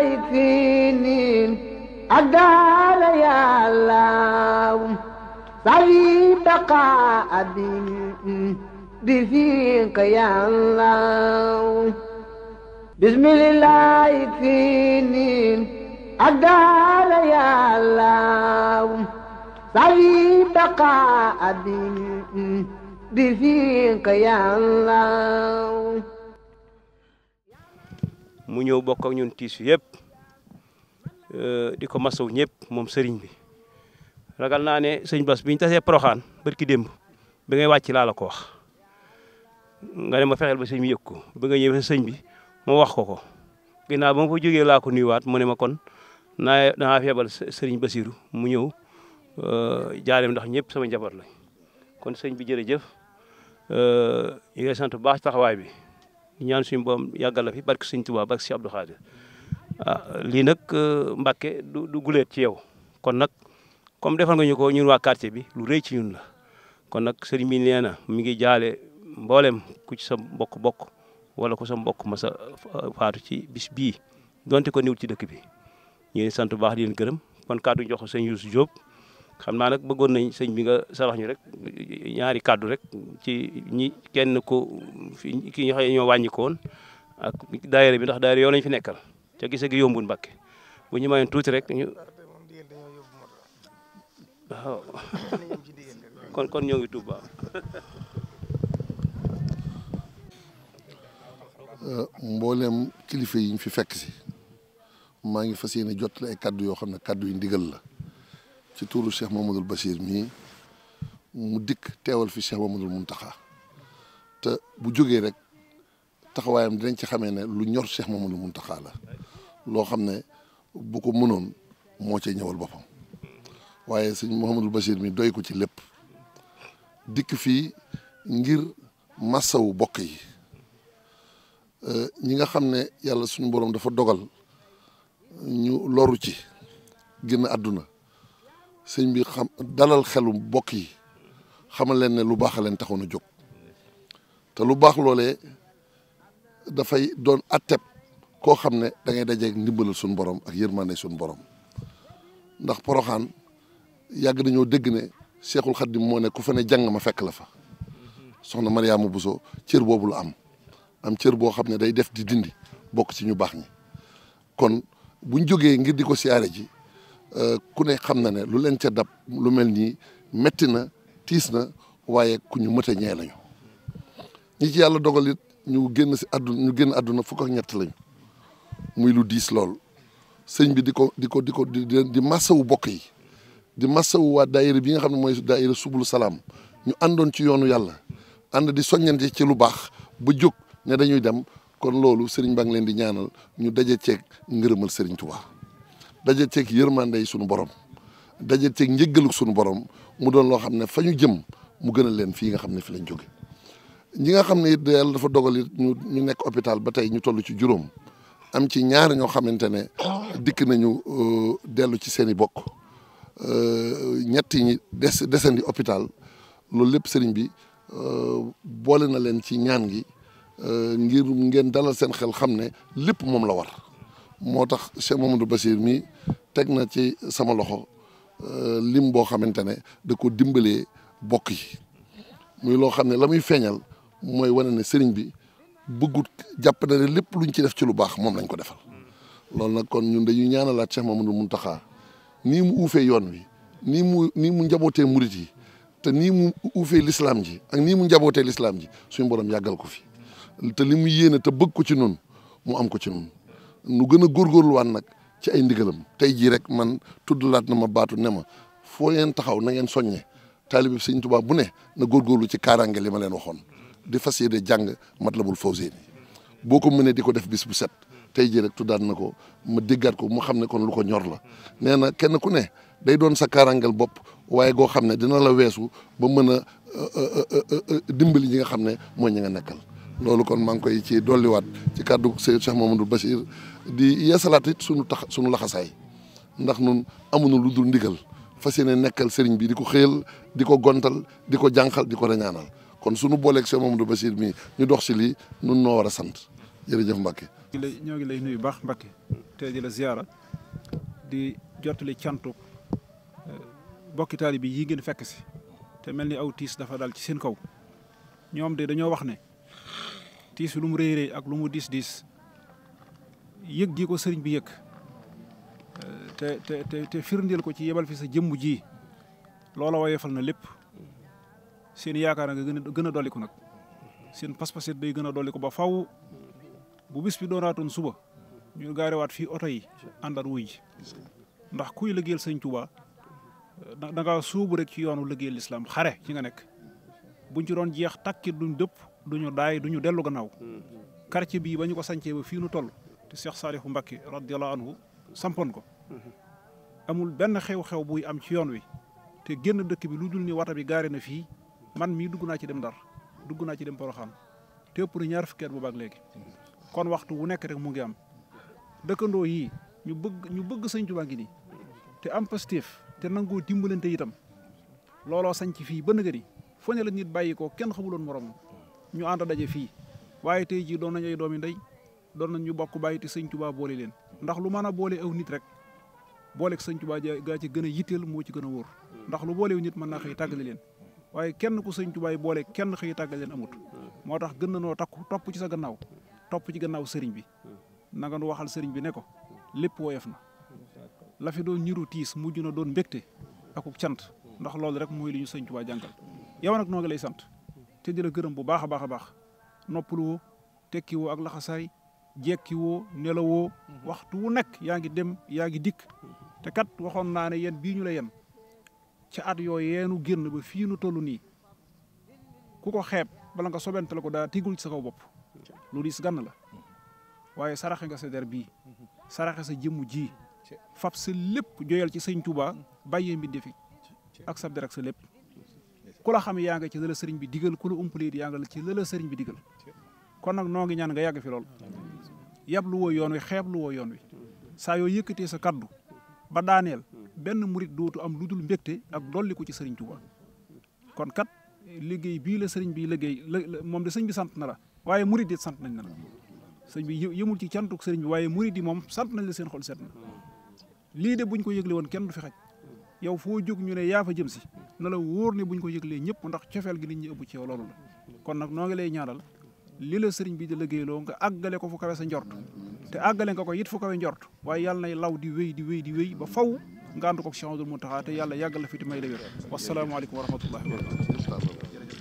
يكفيني أدار يا الله صلي بقاء أبي بفيق يا الله بسم الله يكفيني أدار يا الله صلي بقاء أبي بفيق يا الله mu ñëw bokk ak ñun tiis yëpp euh, di ko masaw ñëpp moom sëriñ bi ragal naa ne sëñ Bas bi ñu tasee Poroxaan barki démb bi ngay ci laa la ko wax nga ne ma fexeel ba sëñ bi yëg ko bi nga ñëwee sëñ bi ma wax ko ko naa ba ma fa jógee laa ko nuyuwaat mu ne ma kon naa danaa feebal sëriñ Basiru mu ñëw euh, jaareem ndax ñëpp sama njaboot lañ kon sëñ bi jërëjëf euh, ñu ngi sant bu baax taxawaay bi. ñaan suñu boom yàggal la fi barke suñ Tuubaa barke si Abdou Khadir ah lii nag euh, Mbàkke du du guleet ci yow kon nag comme defal nga ñu ko ñun waa quartier bi lu rëy ci ñun la kon nag sëriñ bi nee na mi ngi jaale mboolem ku ci sa mbokk bokk walla ku sa mbokk ma sa euh, faatu ci bis bii donte ko niwul ci dëkk bi ñu sant baax di gërëm kon kàddu jox sa sëñ Youssou xam naa nag bëggoon nañ sëñ bi nga sarax ñu rek ñaari kàddu rek ci ñi kenn ko fi ki nga xam ñoo wàññi ko ak daayira bi ndax daayira yoo lañ fi nekkal ca gise gi yombul Mbàkke bu ñu mayoon tuuti rek ñu waaw kon kon ñoo ngi Tuuba euh, mboolem kilifa yi ñu fi fekk si maa ngi fas yéene jot la ay kàddu yoo xam ne kàddu yi ndigal la ci tuuru Cheikh Mamadou Bachir mii mu dikk teewal fi Cheikh Mamadou taxa te bu jógee rek taxawaayam dinañ ci xame ne lu ñor Cheikh Mamadou Mountakha la loo xam ne bu ko mënoon moo ce ñëwal boppam waaye sëñ Mamadou Bachir mi doy ko ci lépp dikk fii ngir massawu bokk yi ñi nga xam ne yàlla suñu boroom dafa dogal ñu loru ci génn àdduna sëñ bi xam dalal xelu mbokk yi xamal leen ne lu baax a leen taxoon a jóg te lu baax loole dafay doon atteb koo xam ne dangay ngay dajeeg ndimbalal suñu borom ak yërmande suñu borom ndax poroxaan yàgg nañoo dégg ne seexul xaddim moo ne ku fa ne jàng ma fekk la fa soxna Mariama Bousso cër boobu la am am cër boo xam ne day def di dindi bokk ci ñu baax ñi kon buñ jógee ngir di ko siyaare ji Euh, ku ne xam na ne lu leen ca dab lu mel nii metti na tiis na waaye ku ñu mët a ñee lañu ñi ci yàlla dogal it ñu génn si àdduna ñu génn àdduna fukk ak ñett lañu muy lu diis lool sëñ bi di ko di ko di ko di di massawu bokk yi di massawu waa daayira bi nga xam ne mooy daayira subulu salaam ñu àndoon ci yoonu yàlla ànd di soññante ci lu baax ba jóg ne dañuy dem kon loolu sëriñ baa leen di ñaanal ñu daje ceeg ngërëmal sëriñ Tuubaa daje ceeg yërmande yi sunu borom daje ceeg njëggalu sunu borom mu doon loo xam ne fa ñu jëm mu gën leen fii nga xam ne fi lañ jóge ñi nga xam ne yàlla dafa dogal it ñu ñu nekk hôpital ba tey ñu toll ci juróom am ci ñaar ñoo xamante ne dikk nañu euh, dellu ci seen i bokk euh, ñetti ñi des loolu lépp sëriñ bi euh, boole na leen ci ñaan gi ngir ngeen dalal seen xel xam ne lépp moom la war. moo tax Cheikh Mamadou Bassir mi teg na ci sama loxo euh, lim boo xamante ne da ko dimbalee bokk yi muy loo xam ne la muy feeñal mooy wane ne sëriñ bi bëggut jàpp na ne lépp luñ ci def ci lu baax moom lañ ko defal loolu nag kon ñun dañuy ñaanalaat Cheikh Mamadou taxaa nii mu uufee yoon wi nii mu nii mu njabootee murit yi te nii mu uufee lislaam ji ak nii mu njabootee lislaam ji suñu borom yàggal ko fi te li mu yéene te bëgg ko ci noonu mu am ko ci noonu nu gën a góor góorluwaan nag ci ay ndigalam tey jii rek man tudd laat na ma baatu ne ma foo leen taxaw na ngeen soññe taalibe bi sëñ Tuubaa bu ne na góor góorlu ci kaaraange yi ma leen waxoon di fas yéene jàng Matlabul Fawzeyni boo ko mënee di ko def bis bu set tey jii rek tuddaat na ko ma déggaat ko mu xam ne kon lu ko ñor la nee na kenn ku ne day doon sa kaaraangeel bopp waaye goo xam ne dina la weesu ba mën a euh, euh, euh, dimbali ñi nga xam ne mooy ñi loolu kon maa ngi koy ci dolliwaat ci kàddu Seydou Cheikh Mamadou Bachir di yeesalaat it suñu tax suñu laxasaay ndax nun amuñu lu dul ndigal fas yéene nekkal sëriñ bi di ko xëyal di ko gontal di ko jànqal di ko rañaanal kon sunu suñu booleeg Cheikh Mamadou Bachir mii ñu dox si lii nun noo war a sant jërëjëf Mbacke. ñoo ngi ñoo ngi lay nuyu baax Mbacke te di la ziara di jottali cantu eh, bokki taalibe bi yii ngeen fekk si te mel ni aw tiis dafa dal ci seen kaw ñoom de dañoo wax ne. tiis lu mu rëy rëy ak lu mu diis diis yëg gi ko sëriñ bi yëg te te te firndeel ko ci yebal fi sa jëmm ji loola woyefal na lépp seen yaakaar nga gën a gën a dolli ko nag seen pas-paset day gën a dolli ko ba faw bu bis bi doonaatoon suba ñu gaarewaat fi oto yi àndaat wuy ji ndax kuy liggéeyal sëñ Tuubaa da ngaa suubu rek ci yoonu liggéeyal lislaam xare ci nga nekk buñ ci doon jeex takkit duñ dëpp du ñu daay du ñu dellu gannaaw mm. quartier bii ba ñu ko sancee ba fii nu toll te Cheikh Saalihu Mbacké radiyallahu anhu sampoon ko mm-hmm. amul benn xew-xew buy am ci yoon wi te génn dëkk bi lu dul ni wata bi gaare na fii man mii dugg naa ci dem Ndar dugg naa ci dem Poroxaan te ëpp na ñaar fukki bu baag léegi mm-hmm. kon waxtu wu nekk rek mu ngi am dëkkandoo yii ñu bëgg ñu bëgg Sëñ Tuubaa ngi nii te am positif te nangoo dimbalante itam looloo sañ ci fii ba nëgëri foo ne la nit bàyyi ko kenn xamuloon moroom ñu ànd daje fii waaye tey jii doon nañ ay yi ndey doon nañ ñu bokk bàyyi te sëñ Tuubaa boole leen ndax lu mën a boole aw nit rek boole sëñ Tuubaa gaa ci gën a yitteel moo ci gën a wóor ndax lu booleew nit mën naa xëy tàggale leen waaye kenn ku sëñ Tuubaa boole kenn xëy tàggale leen amut moo tax gën na noo takku topp ci sa gannaaw topp ci gannaaw sëriñ bi na nu waxal sëriñ bi ne ko lépp woyof na la fi doon ñiru tiis mujj na doon mbégte akuk cant ndax loolu rek mooy li ñu sëñ Tuubaa yow nag noo lay sant te di la gërëm bu baax a baax baax noppaluwoo tekkiwoo ak laxasaay jekkiwoo nelawoo mhm. waxtu wu nekk yaa ngi dem yaa ngi dikk mhm. te kat waxoon naa ne yéen bii ñu la yem ci at yooyu yeenu génn ba fii nu toll nii ku ko xeeb bala nga sobente ko daa tigul ci sa kaw bopp lu diis gann la waaye saraxe nga sa der bii mhm. saraxe sa jëmmu ji fab sa lépp joyal ci sëñ Tuubaa bàyyee mbinde fi ak sa der ak sa lépp ku la xam yaa nga ci la sëriñ bi digal ku la umpalee yaa nga ci la sëriñ bi digal kon nag noo ngi ñaan nga yàgg fi lool yab lu woo yoon wi xeeb lu woo yoon wi saa yoo yëkkatee sa kàddu ba daaneel benn murit dootu am lu dul mbégte ak ko ci sëriñ Tuuba kon kat liggéey bii la sëriñ bi liggéey moom de sëñ bi sant na la waaye murit di sant nañ na la sëñ bi yë yëmul ci cantuk sëriñ bi waaye murit yi moom sant nañ la seen xol set na li de buñ ko yëgle woon kenn du fi xaj yow foo jóg ñu ne yaa fa jëm si na la wóor ne buñ ko yëglee ñëpp ndax cofeel gi nit ñi ëpp ci yow loolu la kon nag noo ngi lay ñaanal li la sëriñ bi di liggéeyloo nga àggale ko fu kawe sa njort te àggale nga ko it fu kawe njort waaye yàlla nay law di wéy di wéy di wéy ba faw nga ànd ko Cheikh Ahmadou Mountakha te yàlla yàggal la fi te may la wér wasalaamaaleykum wa